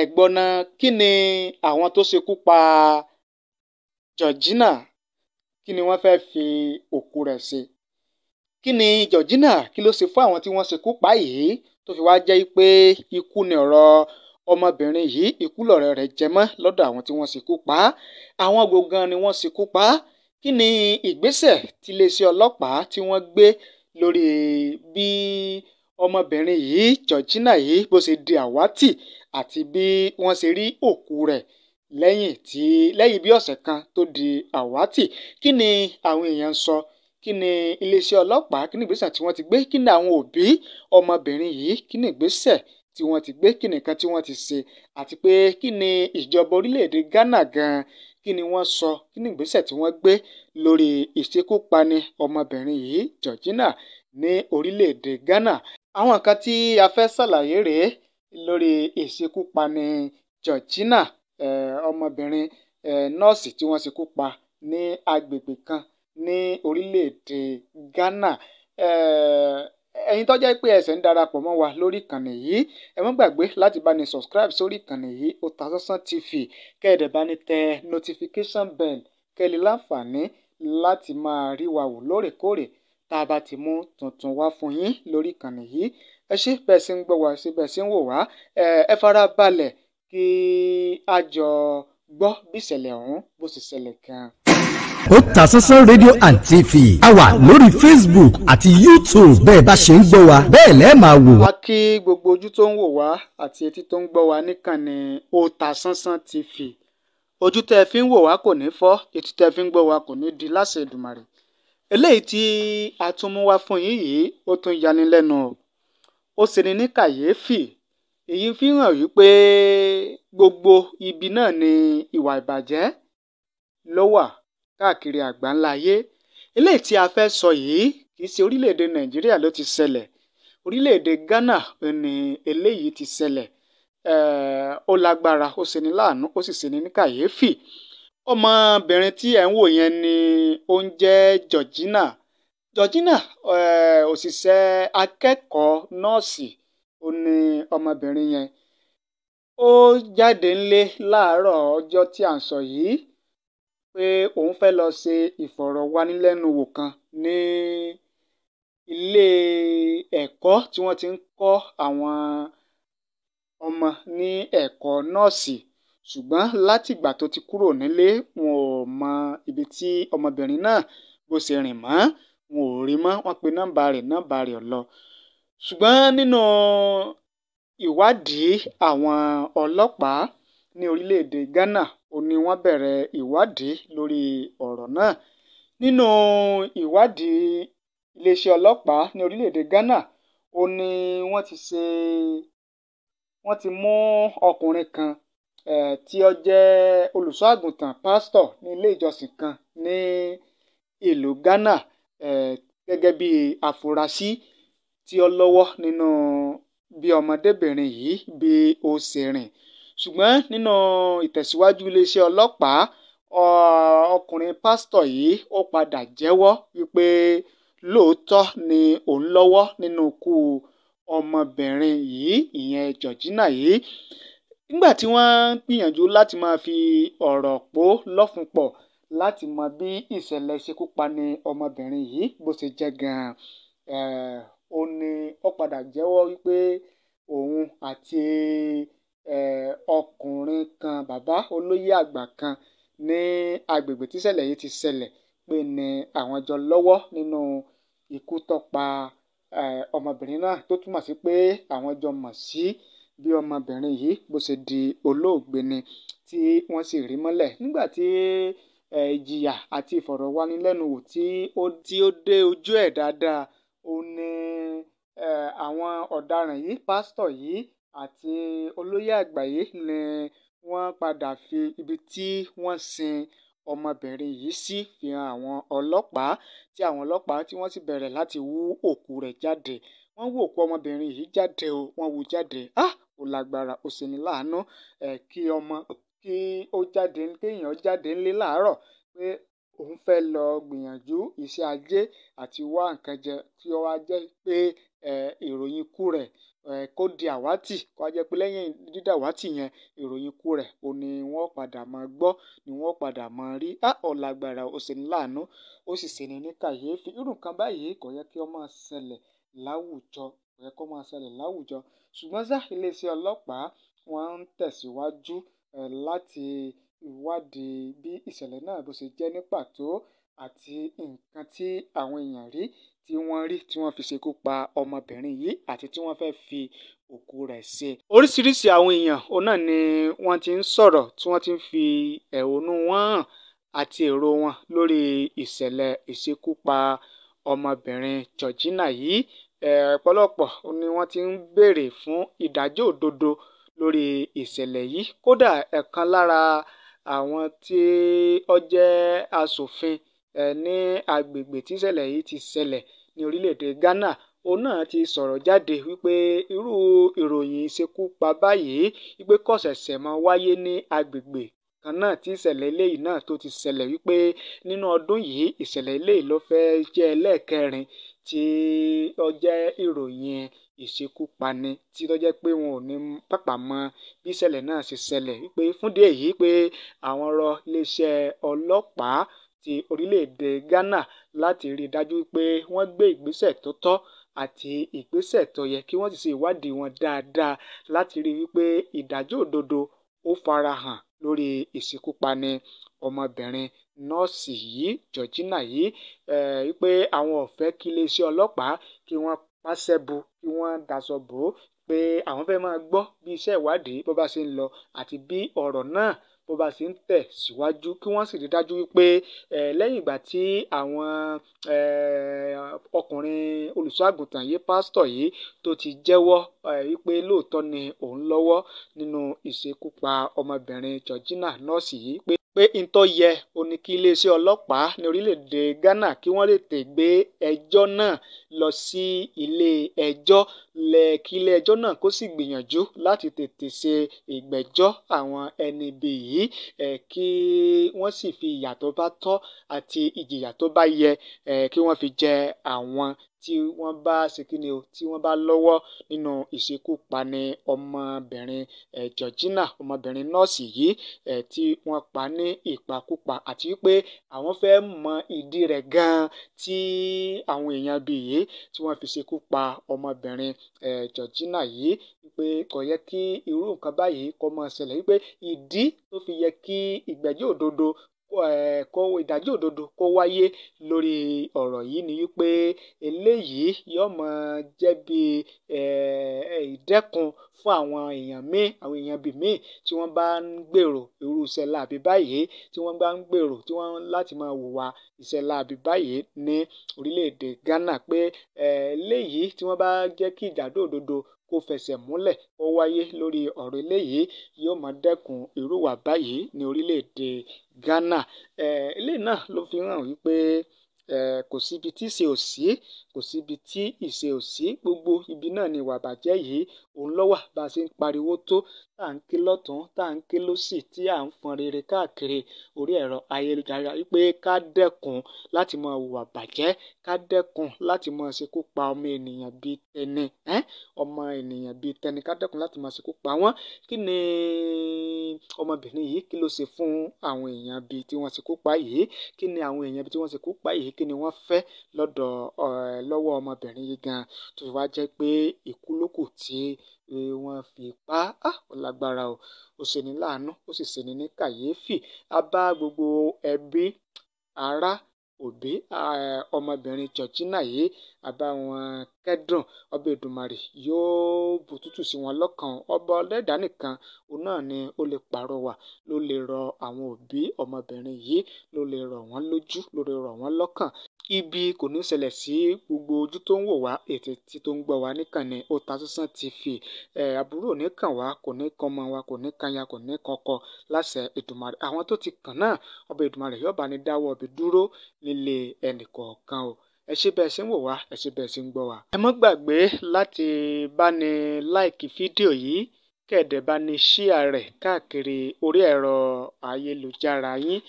ẹ̀gbọ́nà kí ni àwọn tó ṣekú pa Georgina kí ni wọ́n fẹ́ fi òkú rẹ̀ ṣe kí ni Georgina kí ló ṣe fún àwọn tí wọ́n ṣekú pa yìí tó fi wá jẹ́ pé ikú ni ọ̀rọ̀ ọmọbìnrin yìí ikú lọ̀rọ̀ rẹ̀ jẹ mọ́ lọ́dọ̀ àwọn tí wọ́n ṣekú pa àwọn gbọ̀ngàn ni wọ́n ṣekú pa kí ni ìgbésẹ̀ tiléeṣẹ́ ọlọ́pàá tí wọ́n gbé lórí bí ọmọbìnrin yìí georgina yìí bó ṣe di àwátì àti bí wọ́n ṣe rí òkú rẹ̀ lẹ́yìn tí lẹ́yìn bí ọ̀sẹ̀ kan tó di àwátì kí ni àwọn èèyàn ń sọ kí ni iléeṣẹ́ ọlọ́pàá kí ni ìgbésẹ̀ tí wọ́n ti gbé kí ni àwọn òbí ọmọbìnrin yìí kí ni ìgbésẹ̀ tí wọ́n ti gbé kí ni nǹkan tí wọ́n ti ṣe àti pé kí ni ìjọba orílẹ̀-èdè Ghana gan-an kí ni wọ́n sọ kí ni ìgbésẹ̀ tí wọ́n gbé lórí ìṣekúpani ọmọbìnrin yìí Georgina ní orílẹ̀-èdè Ghana àwọn nǹkan tí a fẹ́ ṣàlàyé rèé lórí ìṣekúpani Georgina ọmọbìnrin nọ́ọ̀sì tí wọ́n ṣekú pa ní agbègbè kan ní orílẹ̀-èdè Ghana ẹ̀yin tó jẹ́ pé ẹ̀sẹ̀ ń darapọ̀ mọ́ wa lórí ìkànnì yìí ẹ má gbàgbé láti bá ní subscribe sórí ìkànnì yìí Otasansan TV kẹ́ẹ̀dẹ̀ bá ní tẹ notification bell kẹ́ẹ̀lì láǹfààní láti máa rí wa wò lóòrèkóòrè tá a bá ti mú tuntun wá fún yín lórí ìkànnì yìí ẹ ṣé bẹ́ẹ̀ sì ń gbọ́ wá sí bẹ́ẹ̀ sì ń wò wá ẹ fara balẹ̀ kí a jọ gbọ́ bí ìṣẹ̀lẹ̀ ọ̀hún bó sì ṣẹlẹ̀ gan-an Otasansan rédíò and TV a wà lórí Facebook àti YouTube bẹ́ẹ̀ bá ṣe ń gbọ́ wa bẹ́ẹ̀ lẹ́ẹ̀ máa wò wá. a kí gbogbo ojú tó ń wò wá àti etí tó ń gbọ́ wa níkànnì Otasansan TV ojú tẹ́ ẹ fi ń wò wá kò ní fọ́ etí tẹ́ ẹ fi ń gbọ́ wa kò ní di láṣẹ Èdùmàrè eléyìí tí a tún mú wá fún yín yìí ó tún yani lẹ́nu ó sì ní ní kàyéfì èyí fi hàn wípé gbogbo ibi náà ni ìwà ìbàjẹ́ ló wà káàkiri àgbáńlá ayé eléyìí tí a fẹ́ sọ yìí kì í ṣe orílẹ̀-èdè nàìjíríà ló ti ṣẹlẹ̀ orílẹ̀-èdè ghana ni eléyìí ti ṣẹlẹ̀ ó lágbára ó ṣeni láàánú ó sì ṣeni ní kàyéfì ọmọbìnrin tí ẹ̀ ń wò yẹn ni ó ń jẹ́ Georgina Georgina eh, òṣìṣẹ́ akẹ́kọ̀ọ́ nọ́ọ̀sì ó ní ọmọbìnrin yẹn ó jáde ńlé láàárọ̀ ọjọ́ tí à ń sọ yìí pé òun fẹ́ lọ ṣe ìfọ̀rọ̀wánilẹ́nuwò kan ní ilé ẹ̀kọ́ tí wọ́n ti ń kọ́ àwọn ọmọ ní ẹ̀kọ́ nọ́ọ̀sì ṣùgbọ́n látìgbà tó ti kúrò nílé wọn ò mọ ibi tí ọmọbìnrin náà bó ṣe rìn mọ́ wọn ò rí mọ́ wọ́n pe nọ́mbà rẹ̀ nọ́mbà rẹ̀ ò lọ ṣùgbọ́n nínú ìwádìí àwọn ọlọ́pàá ní orílẹ̀-èdè Ghana ó ní wọ́n bẹ̀rẹ̀ ìwádìí lórí ọ̀rọ̀ náà nínú ìwádìí iléeṣẹ́ ọlọ́pàá ní orílẹ̀-èdè Ghana ó wọ́n ti ṣe wọ́n ti mú ọkùnrin kan tí ó jẹ́ olùṣọ́ àgùntàn pásítọ̀ ní ilé ìjọsìn kan ní ìlú Ghana gẹ́gẹ́ bí àfúrásì tí ó lọ́wọ́ nínú bí ọmọdébìnrin yìí bí ó ṣe rìn ṣùgbọ́n nínú ìtẹ̀síwájú iléeṣẹ́ ọlọ́pàá ọkùnrin pásítọ̀ yìí ó padà jẹ́wọ́ wípé lóòótọ́ ni òun lọ́wọ́ nínú ikú ọmọbìnrin yìí ìyẹn Georgina yìí nígbà tí wọ́n ń gbìyànjú láti máa fi ọ̀rọ̀ pó lọ́fun pọ̀ láti mọ bí ìṣẹ̀lẹ̀ ìṣekúpani ọmọbìnrin yìí bó ṣe jẹ́ gan-an eh, ó ní ó padà jẹ́wọ́ wípé òun àti eh, ọkùnrin kan bàbá olóyè àgbà kan ní agbègbè tíṣẹ̀lẹ̀ yìí ti ṣẹlẹ̀ pé ní àwọn jọ lọ́wọ́ nínú ikú tó eh, ọmọbìnrin náà tó túmọ̀ sí pé àwọn jọ mọ̀ sí. Si bí ọmọbìnrin yìí bó ṣe di olóògbé ni tí wọ́n sì rí mọ́lẹ̀ nígbà tí ìjìyà àti ìfọ̀rọ̀wánilẹ́nuwò tí ó dé ojú ẹ̀ dáadáa ó ní àwọn ọ̀daràn yìí pásítọ̀ yìí àti olóyè àgbà yìí ni wọ́n padà fi ibi tí wọ́n sin ọmọbìnrin yìí sí fi hàn àwọn ọlọ́pàá tí àwọn ọlọ́pàá tí wọ́n sì bẹ̀rẹ̀ láti wú òkú rẹ̀ jáde wọ́n wú òkú ọmọbìnrin yìí jáde o wọ́n wú jáde ah ó lágbára ó ṣeni láàánú kí ọmọ kí ó jáde kéèyàn jáde ńlé láàárọ̀ pé òun fẹ́ lọ gbìyànjú iṣẹ́ ajé àti wá nǹkan jẹ kí ó wá pé ìròyìn ikú kó di àwátì kó wá pé lẹ́yìn dídàwátì yẹn ìròyìn ikú rẹ̀ ò ní wọ́n padà máa ni wọ́n padà máa rí á ọ̀làgbàrà ó ṣeni láàánú ó sì ṣeni ní kàyééfì báyìí yẹ kó máa ṣẹlẹ̀ láwùjọ ṣùgbọ́n ṣá iléeṣẹ́ ọlọ́pàá wọ́n ń tẹ̀síwájú eh, láti ìwádìí bí ìṣẹ̀lẹ̀ náà bó ṣe jẹ́ ní pàtó àti nǹkan tí àwọn èèyàn rí tí wọ́n rí tí wọ́n fi ṣekú pa ọmọbìnrin yìí àti tí wọ́n fẹ́ẹ́ fi òkú rẹ̀ ṣe. oríṣiríṣi àwọn èèyàn òun ni wọ́n ti ń sọ̀rọ̀ tí wọ́n ti ń fi ẹ̀hónú wọn hàn àti èrò wọn lórí ìṣẹ̀lẹ̀ ìṣekúpa ọmọbìnrin Georgina yìí Eh, ọ̀pọ̀lọpọ̀ ni wọ́n ti ń béèrè fún ìdájọ́ òdodo lórí ìṣẹ̀lẹ̀ yìí kódà ẹ̀kan lára àwọn tí ó jẹ́ aṣòfin eh, ní agbègbè tí ìṣẹ̀lẹ̀ yìí ti ṣẹlẹ̀ ní orílẹ̀-èdè Ghana òun náà ti sọ̀rọ̀ jáde wípé irú ìròyìn ìṣekúpa báyìí wípé kò ṣẹ̀ṣẹ̀ máa wáyé ní agbègbè kan náà tí ìṣẹ̀lẹ̀ eléyìí náà tó ti ṣẹlẹ̀ wípé nínú ọdún yìí ìṣẹ̀lẹ̀ eléyìí ló fẹ́ jẹ́ ẹlẹ́ẹ̀kẹrin tí ó jẹ́ ìròyìn ìṣekúpani tí tó jẹ́ pé wọn ò ní pàpà mọ bí ìṣẹ̀lẹ̀ náà ṣe ṣẹlẹ̀ wípé fúndì èyí pé àwọn rọ iléeṣẹ́ ọlọ́pàá ti orílẹ̀-èdè Ghana láti rí i dájú pé wọ́n gbé ìgbésẹ̀ tó tọ́ àti ìgbésẹ̀ tó yẹ kí wọ́n sì ṣe ìwádìí wọn dáadáa láti rí i wípé ìdájọ́ òdodo ó farahàn lórí ìṣekúpani ọmọbìnrin nọ́ọ̀sì yìí Georgina yìí eh, wípé àwọn ò fẹ́ kí iléeṣẹ́ ọlọ́pàá kí wọ́n pàṣẹ bu kí wọ́n daṣọ bò ó pé àwọn fẹ́ máa gbọ́ bí iṣẹ́ ìwádìí bó bá ṣe ń lọ àti bí ọ̀rọ̀ náà bó bá ṣe ń tẹ̀ síwájú kí wọ́n sì rí dájú wípé eh, lẹ́yìn ìgbà tí àwọn eh, ọkùnrin olùṣọ́àgùntàn yìí pásítọ̀ yìí tó ti jẹ́wọ́ wípé lóòótọ́ ni òun lọ́wọ́ nínú ìṣekúpa ọmọbìnrin Georgina nọ́ọ̀sì yìí pé pé n tó yẹ ò ní kí iléeṣẹ́ ọlọ́pàá ní orílẹ̀-èdè Ghana kí wọ́n lè tè gbé ẹjọ́ náà lọ sí ilé-ẹjọ́ lẹ́ẹ̀kí ilé-ẹjọ́ náà kó sì gbìyànjú láti tètè ṣe ìgbẹ́jọ́ àwọn ẹni ibi yìí ẹ̀ kí wọ́n sì fi ìyà tó bá tọ́ àti ìjìyà tó bá yẹ ẹ̀ kí wọ́n fi jẹ àwọn tí wọ́n bá ṣe kí ni o tí wọ́n bá lọ́wọ́ nínú ìṣekúpani ọmọbìnrin Georgina ọmọbìnrin nọ́ọ̀sì yìí tí wọ́n pa ní ìpakúpa àti wípé àwọn fẹ́ mọ ìdí rẹ̀ gan-an tí àwọn èèyàn bíi yìí tí wọ́n fi ṣekú pa ọmọbìnrin Georgina yìí wípé kò yẹ kí irú nǹkan báyìí kó máa ṣẹlẹ̀ wípé ìdí tó fi yẹ kí ìgbẹ́jọ́ òdodo kó ìdájọ́ òdodo kó wáyé lórí ọ̀rọ̀ yìí ni wípé eléyìí yóò máa jẹ́ bí ìdẹ́kun fún àwọn èèyàn míì àwọn èèyàn bíi míì tí wọ́n bá ń gbèrò irú ìṣẹ̀lẹ̀ àbí báyìí tí wọ́n bá ń gbèrò tí wọ́n láti máa hùwà ìṣẹ̀lẹ̀ àbí báyìí ní orílẹ̀-èdè Ghana pé eléyìí tí wọ́n bá jẹ́ kí ìdájọ́ òdodo kó fẹsẹ̀ múlẹ̀ ó wáyé lórí ọ̀rọ̀ eléyìí yóò máa dẹ́kun irúwà báyìí ní orílẹ̀-èdè Ghana eléyìí náà ló fi hàn wípé kò síbi tí ìṣe ò sí kò síbi tí ìṣe ò sí gbogbo ibi náà ni ìwà ìbàjẹ́ yìí òun lọ́wà bá a ṣe ń pariwo tó tá à ń ké lọ́tún tá à ń ké lọ́sì tí à ń fọn rere káàkiri orí ẹ̀rọ ayélujára wípé ká dẹ́kun láti máa hùwà bàjẹ́ ká dẹ́kun láti máa ṣekú pa ọmọ ènìyàn bíi tẹni ọmọ ènìyàn bíi tẹni ká dẹ́kun láti máa ṣekú pa wọ́n kí ni ọmọbìnrin yìí kí ló ṣe fún àwọn èèyàn bíi tí wọ́n ṣekú pa yìí kí ni àwọn èèyàn bíi tí wọ́n ṣekú pa yìí kí ni wọ́n fẹ́ lọ́dọ̀ lọ́wọ́ ọmọbìnrin yìí gan tó fi wá jẹ́ pé ìkú lókù tí wọ́n fi pa á ah, ó lágbára o ó ṣeni láàánú ó sì ṣeni ní kàyéfì a bá gbogbo ẹbí ará òbí ọmọbìnrin Georgina yìí a bá wọn kẹ́dùn ọba Èdùmàrè yóò bùtútù sí wọn lọ́kàn ọba ọlẹ́dàá nìkan òun náà ni ó lè pàrọwà ló lè rọ àwọn òbí ọmọbìnrin yìí ló lè rọ̀ wọ́n lójú ló lè rọ̀ wọ́n lọ́kàn ibi kò ní ṣẹlẹ̀ sí gbogbo ojú tó ń wò wá ètè tí tó ń gbọ́ wá níkànnì Otasansan TV àbúrò ò ní kàn wá kò ní kan ọmọ wa kò ní kan ya kò ní kan ọkọ láṣẹ Èdùmàrè àwọn tó ti kàn náà ọba Èdùmàrè yóò bá ní dáwọ́ ọbẹ̀ dúró nílé ẹnìkọ̀ọ̀kan o ẹ ṣé bẹ́ẹ̀ ṣe ń wò wá ẹ ṣé bẹ́ẹ̀ ṣe ń gbọ́ wá. ẹ má gbàgbé láti bá ní láìkì fídíò yìí kẹ̀dẹ̀ bá ní ṣíà rẹ̀ káàkiri orí ẹ̀rọ ayélujára yín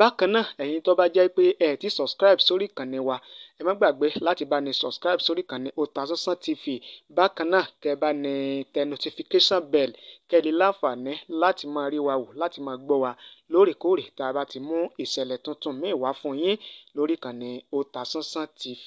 bákan náà ẹ̀yin tó bá jẹ́ pé ẹ ti subscribe sórí ìkànnì wa ẹ má gbàgbé láti bá ní subscribe sórí ìkànnì Otasansan TV bákan náà kẹ bá ní tẹ notification bell kẹ lè láǹfààní láti máa rí wa wò láti máa gbọ́ wa lóòrèkóòrè tá a bá ti mú ìṣẹ̀lẹ̀ tuntun míì wá fún yín lórí ìkànnì Otasansan TV.